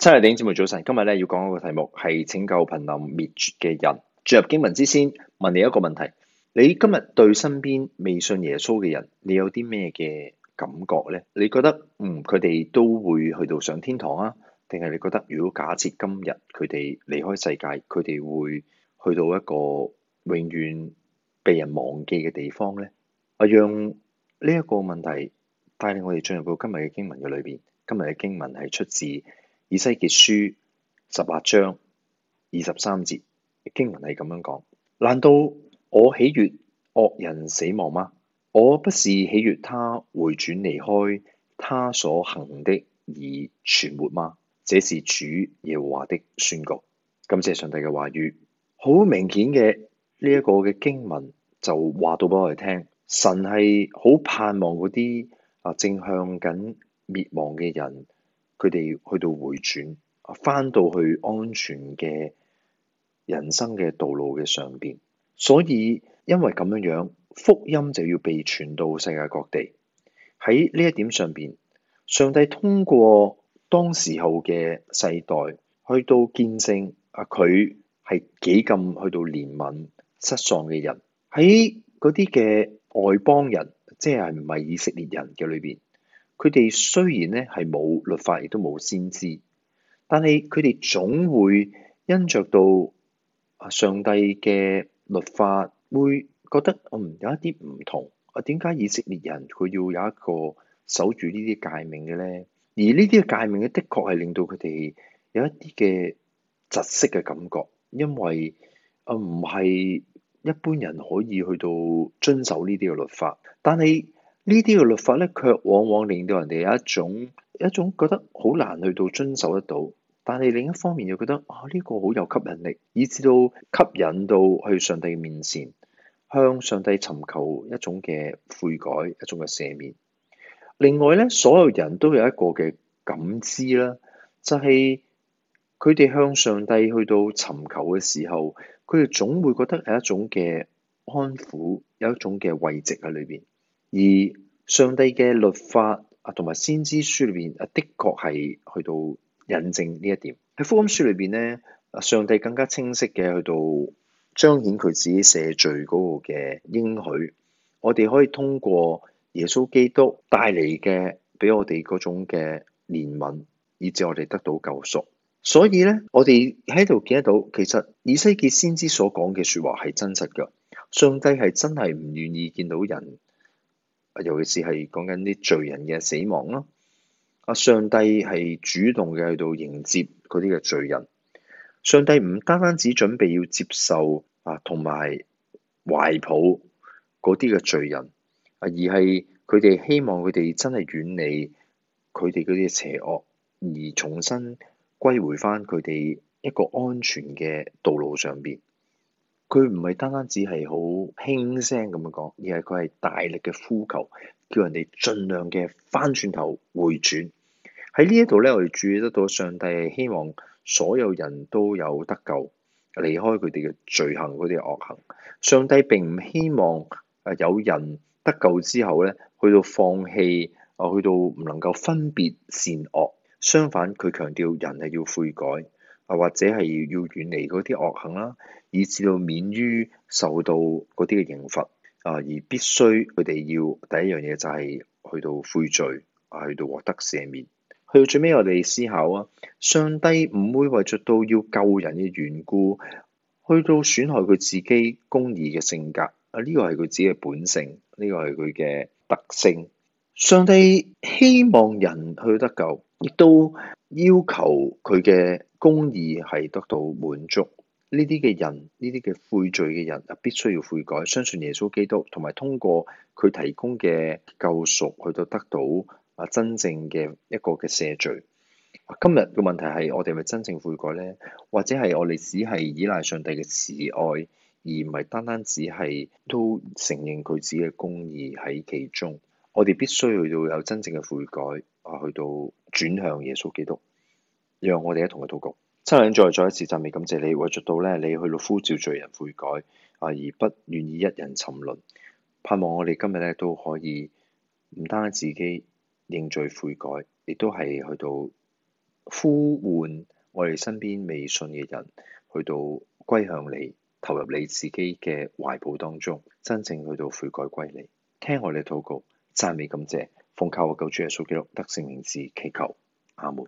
真係頂節目早晨，今日咧要講一個題目係拯救瀕臨滅絕嘅人，進入經文之先，問你一個問題：你今日對身邊未信耶穌嘅人，你有啲咩嘅感覺呢？你覺得嗯，佢哋都會去到上天堂啊？定係你覺得如果假設今日佢哋離開世界，佢哋會去到一個永遠被人忘記嘅地方呢？阿讓呢一個問題帶領我哋進入到今日嘅經文嘅裏邊，今日嘅經文係出自。以西結書十八章二十三節經文係咁樣講：難道我喜悦惡人死亡嗎？我不是喜悦他回轉離開他所行的而存活嗎？這是主耶和華的宣告。感謝上帝嘅話語，好明顯嘅呢一個嘅經文就話到俾我哋聽，神係好盼望嗰啲啊正向緊滅亡嘅人。佢哋去到回轉，返到去安全嘅人生嘅道路嘅上邊，所以因為咁樣樣，福音就要被傳到世界各地。喺呢一點上邊，上帝通過當時候嘅世代，去到見證啊，佢係幾咁去到憐憫失喪嘅人，喺嗰啲嘅外邦人，即係唔係以色列人嘅裏邊。佢哋雖然咧係冇律法，亦都冇先知，但係佢哋總會因着到啊上帝嘅律法，會覺得嗯，有一啲唔同啊，點解以色列人佢要有一個守住呢啲誡命嘅咧？而呢啲嘅誡命咧，的確係令到佢哋有一啲嘅窒息嘅感覺，因為啊唔係一般人可以去到遵守呢啲嘅律法，但係。呢啲嘅律法咧，卻往往令到人哋有一種一種覺得好難去到遵守得到，但係另一方面又覺得啊呢個好有吸引力，以至到吸引到去上帝面前，向上帝尋求一種嘅悔改，一種嘅赦免。另外咧，所有人都有一個嘅感知啦，就係佢哋向上帝去到尋求嘅時候，佢哋總會覺得係一種嘅安撫，有一種嘅慰藉喺裏邊。而上帝嘅律法啊，同埋先知書裏邊啊，的確係去到印證呢一點。喺福音書裏邊咧，啊，上帝更加清晰嘅去到彰顯佢自己赦罪嗰個嘅應許。我哋可以通過耶穌基督帶嚟嘅，俾我哋嗰種嘅憐憫，以至我哋得到救贖。所以咧，我哋喺度見得到，其實以西結先知所講嘅説話係真實㗎。上帝係真係唔願意見到人。尤其是係講緊啲罪人嘅死亡咯，啊！上帝係主動嘅去到迎接嗰啲嘅罪人，上帝唔單單只準備要接受啊，同埋懷抱嗰啲嘅罪人，而係佢哋希望佢哋真係遠離佢哋嗰啲邪惡，而重新歸回返佢哋一個安全嘅道路上邊。佢唔係單單只係好輕聲咁樣講，而係佢係大力嘅呼求，叫人哋盡量嘅翻轉頭回轉。喺呢一度咧，我哋注意得到上帝係希望所有人都有得救，離開佢哋嘅罪行、佢哋嘅惡行。上帝並唔希望誒有人得救之後咧，去到放棄，去到唔能夠分別善惡。相反，佢強調人係要悔改。啊，或者係要遠離嗰啲惡行啦，以至到免於受到嗰啲嘅刑罰啊，而必須佢哋要第一樣嘢就係去到悔罪啊，去到獲得赦免。去到最尾，我哋思考啊，上帝唔會為咗到要救人嘅緣故，去到損害佢自己公義嘅性格啊，呢個係佢自己嘅本性，呢個係佢嘅特性。上帝希望人去得救。亦都要求佢嘅公義係得到滿足，呢啲嘅人，呢啲嘅悔罪嘅人必須要悔改，相信耶穌基督，同埋通過佢提供嘅救贖，去到得到啊真正嘅一個嘅赦罪。今日嘅問題係，我哋咪真正悔改呢？或者係我哋只係依賴上帝嘅慈愛，而唔係單單只係都承認佢自己嘅公義喺其中。我哋必須要有真正嘅悔改啊，去到轉向耶穌基督，讓我哋一同去禱告。親人再再一次讚美感謝你，為著到咧，你去到呼召罪人悔改啊，而不願意一人沉淪。盼望我哋今日咧都可以唔單止自己認罪悔改，亦都係去到呼喚我哋身邊未信嘅人去到歸向你，投入你自己嘅懷抱當中，真正去到悔改歸你，聽我哋嘅禱告。讚美感謝，奉靠我救主耶穌基督，得勝名字，祈求，阿門。